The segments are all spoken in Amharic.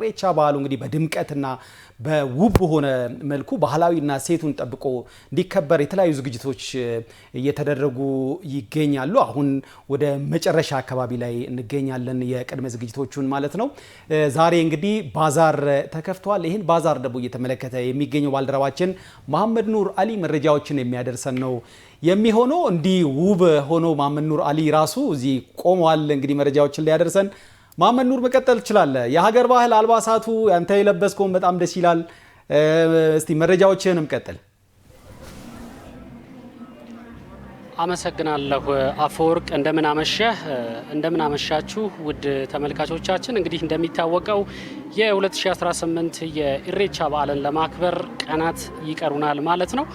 ሬቻ በዓሉ እንግዲህ በድምቀትና በውብ በሆነ መልኩ ባህላዊና ሴቱን ጠብቆ እንዲከበር የተለያዩ ዝግጅቶች እየተደረጉ ይገኛሉ። አሁን ወደ መጨረሻ አካባቢ ላይ እንገኛለን፣ የቅድመ ዝግጅቶቹን ማለት ነው። ዛሬ እንግዲህ ባዛር ተከፍቷል። ይህን ባዛር ደግሞ እየተመለከተ የሚገኘው ባልደረባችን መሐመድ ኑር አሊ መረጃዎችን የሚያደርሰን ነው የሚሆነው። እንዲህ ውብ ሆኖ መሐመድ ኑር አሊ ራሱ እዚህ ቆሟል፣ እንግዲህ መረጃዎችን ሊያደርሰን ማመን ኑር መቀጠል ትችላለህ። የሀገር ባህል አልባሳቱ አንተ የለበስከውን በጣም ደስ ይላል። እስቲ መረጃዎችህንም ቀጥል። አመሰግናለሁ አፈወርቅ። እንደምን አመሸህ፣ እንደምን አመሻችሁ ውድ ተመልካቾቻችን። እንግዲህ እንደሚታወቀው የ2018 የኢሬቻ በዓልን ለማክበር ቀናት ይቀሩናል ማለት ነው።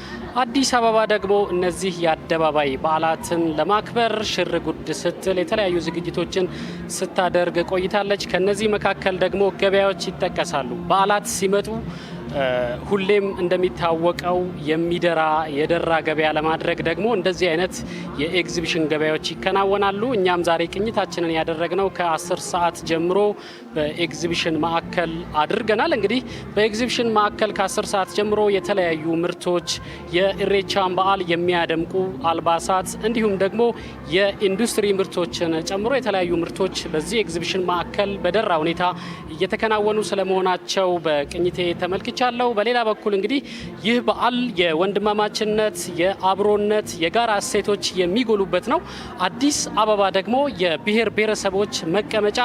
አዲስ አበባ ደግሞ እነዚህ የአደባባይ በዓላትን ለማክበር ሽር ጉድ ስትል የተለያዩ ዝግጅቶችን ስታደርግ ቆይታለች። ከነዚህ መካከል ደግሞ ገበያዎች ይጠቀሳሉ። በዓላት ሲመጡ ሁሌም እንደሚታወቀው የሚደራ የደራ ገበያ ለማድረግ ደግሞ እንደዚህ አይነት የኤግዚቢሽን ገበያዎች ይከናወናሉ። እኛም ዛሬ ቅኝታችንን ያደረግነው ከ10 ሰዓት ጀምሮ በኤግዚቢሽን ማዕከል አድርገናል። እንግዲህ በኤግዚቢሽን ማዕከል ከ10 ሰዓት ጀምሮ የተለያዩ ምርቶች፣ የእሬቻን በዓል የሚያደምቁ አልባሳት እንዲሁም ደግሞ የኢንዱስትሪ ምርቶችን ጨምሮ የተለያዩ ምርቶች በዚህ ኤግዚቢሽን ማዕከል በደራ ሁኔታ እየተከናወኑ ስለመሆናቸው በቅኝቴ ተመልክቼ ሰምቻለሁ። በሌላ በኩል እንግዲህ ይህ በዓል የወንድማማችነት፣ የአብሮነት፣ የጋራ እሴቶች የሚጎሉበት ነው። አዲስ አበባ ደግሞ የብሔር ብሔረሰቦች መቀመጫ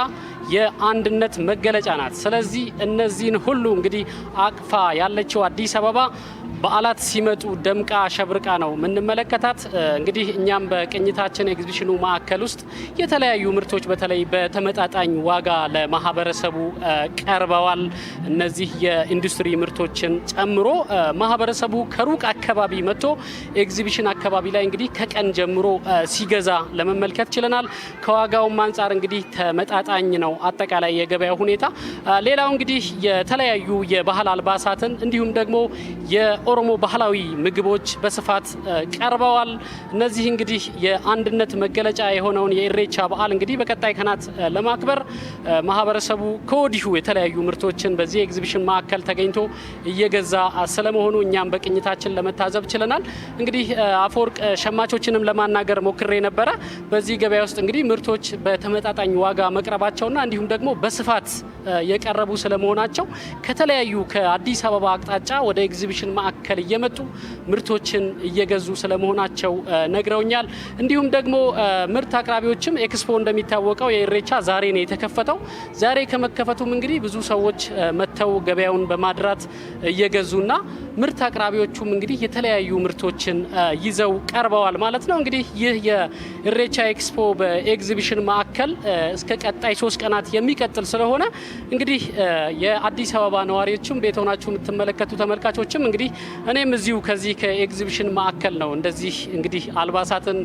የአንድነት መገለጫ ናት። ስለዚህ እነዚህን ሁሉ እንግዲህ አቅፋ ያለችው አዲስ አበባ በዓላት ሲመጡ ደምቃ ሸብርቃ ነው የምንመለከታት። እንግዲህ እኛም በቅኝታችን ኤግዚቢሽኑ ማዕከል ውስጥ የተለያዩ ምርቶች በተለይ በተመጣጣኝ ዋጋ ለማህበረሰቡ ቀርበዋል። እነዚህ የኢንዱስትሪ ምርቶችን ጨምሮ ማህበረሰቡ ከሩቅ አካባቢ መጥቶ ኤግዚቢሽን አካባቢ ላይ እንግዲህ ከቀን ጀምሮ ሲገዛ ለመመልከት ችለናል። ከዋጋውም አንጻር እንግዲህ ተመጣጣኝ ነው አጠቃላይ የገበያ ሁኔታ። ሌላው እንግዲህ የተለያዩ የባህል አልባሳትን እንዲሁም ደግሞ የኦሮሞ ባህላዊ ምግቦች በስፋት ቀርበዋል። እነዚህ እንግዲህ የአንድነት መገለጫ የሆነውን የኢሬቻ በዓል እንግዲህ በቀጣይ ቀናት ለማክበር ማህበረሰቡ ከወዲሁ የተለያዩ ምርቶችን በዚህ ኤግዚቢሽን ማዕከል ተገኝቶ እየገዛ ስለመሆኑ እኛም በቅኝታችን ለመታዘብ ችለናል። እንግዲህ አፈወርቅ ሸማቾችንም ለማናገር ሞክሬ ነበረ። በዚህ ገበያ ውስጥ እንግዲህ ምርቶች በተመጣጣኝ ዋጋ መቅረባቸውና እንዲሁም ደግሞ በስፋት የቀረቡ ስለመሆናቸው ከተለያዩ ከአዲስ አበባ አቅጣጫ ወደ ኤግዚቢሽን ማዕከል እየመጡ ምርቶችን እየገዙ ስለመሆናቸው ነግረውኛል። እንዲሁም ደግሞ ምርት አቅራቢዎችም ኤክስፖ እንደሚታወቀው የኢሬቻ ዛሬ ነው የተከፈተው። ዛሬ ከመከፈቱም እንግዲህ ብዙ ሰዎች መጥተው ገበያውን በማድራት እየገዙና ምርት አቅራቢዎቹም እንግዲህ የተለያዩ ምርቶችን ይዘው ቀርበዋል ማለት ነው። እንግዲህ ይህ የኢሬቻ ኤክስፖ በኤግዚቢሽን ማዕከል እስከ ቀጣይ ሶስት ቀናት ቀናት የሚቀጥል ስለሆነ እንግዲህ የአዲስ አበባ ነዋሪዎችም ቤት ሆናችሁ የምትመለከቱ ተመልካቾችም እንግዲህ እኔም እዚሁ ከዚህ ከኤግዚቢሽን ማዕከል ነው እንደዚህ እንግዲህ አልባሳትን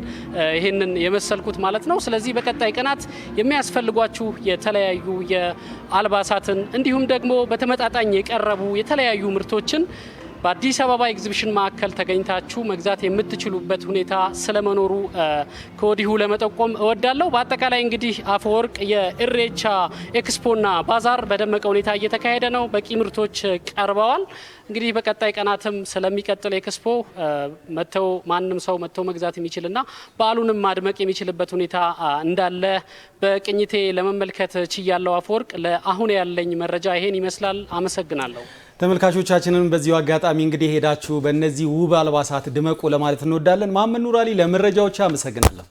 ይህንን የመሰልኩት ማለት ነው። ስለዚህ በቀጣይ ቀናት የሚያስፈልጓችሁ የተለያዩ የአልባሳትን እንዲሁም ደግሞ በተመጣጣኝ የቀረቡ የተለያዩ ምርቶችን በአዲስ አበባ ኤግዚቢሽን ማዕከል ተገኝታችሁ መግዛት የምትችሉበት ሁኔታ ስለመኖሩ ከወዲሁ ለመጠቆም እወዳለሁ። በአጠቃላይ እንግዲህ አፈወርቅ የኢሬቻ ኤክስፖና ባዛር በደመቀ ሁኔታ እየተካሄደ ነው። በቂ ምርቶች ቀርበዋል። እንግዲህ በቀጣይ ቀናትም ስለሚቀጥል ኤክስፖ መተው ማንም ሰው መጥተው መግዛት የሚችልና በዓሉንም ማድመቅ የሚችልበት ሁኔታ እንዳለ በቅኝቴ ለመመልከት ችያለው። አፈወርቅ ለአሁን ያለኝ መረጃ ይሄን ይመስላል። አመሰግናለሁ። ተመልካቾቻችንን በዚሁ አጋጣሚ እንግዲህ ሄዳችሁ በእነዚህ ውብ አልባሳት ድመቁ ለማለት እንወዳለን። ማመን ኑራሊ ለመረጃዎች አመሰግናለሁ።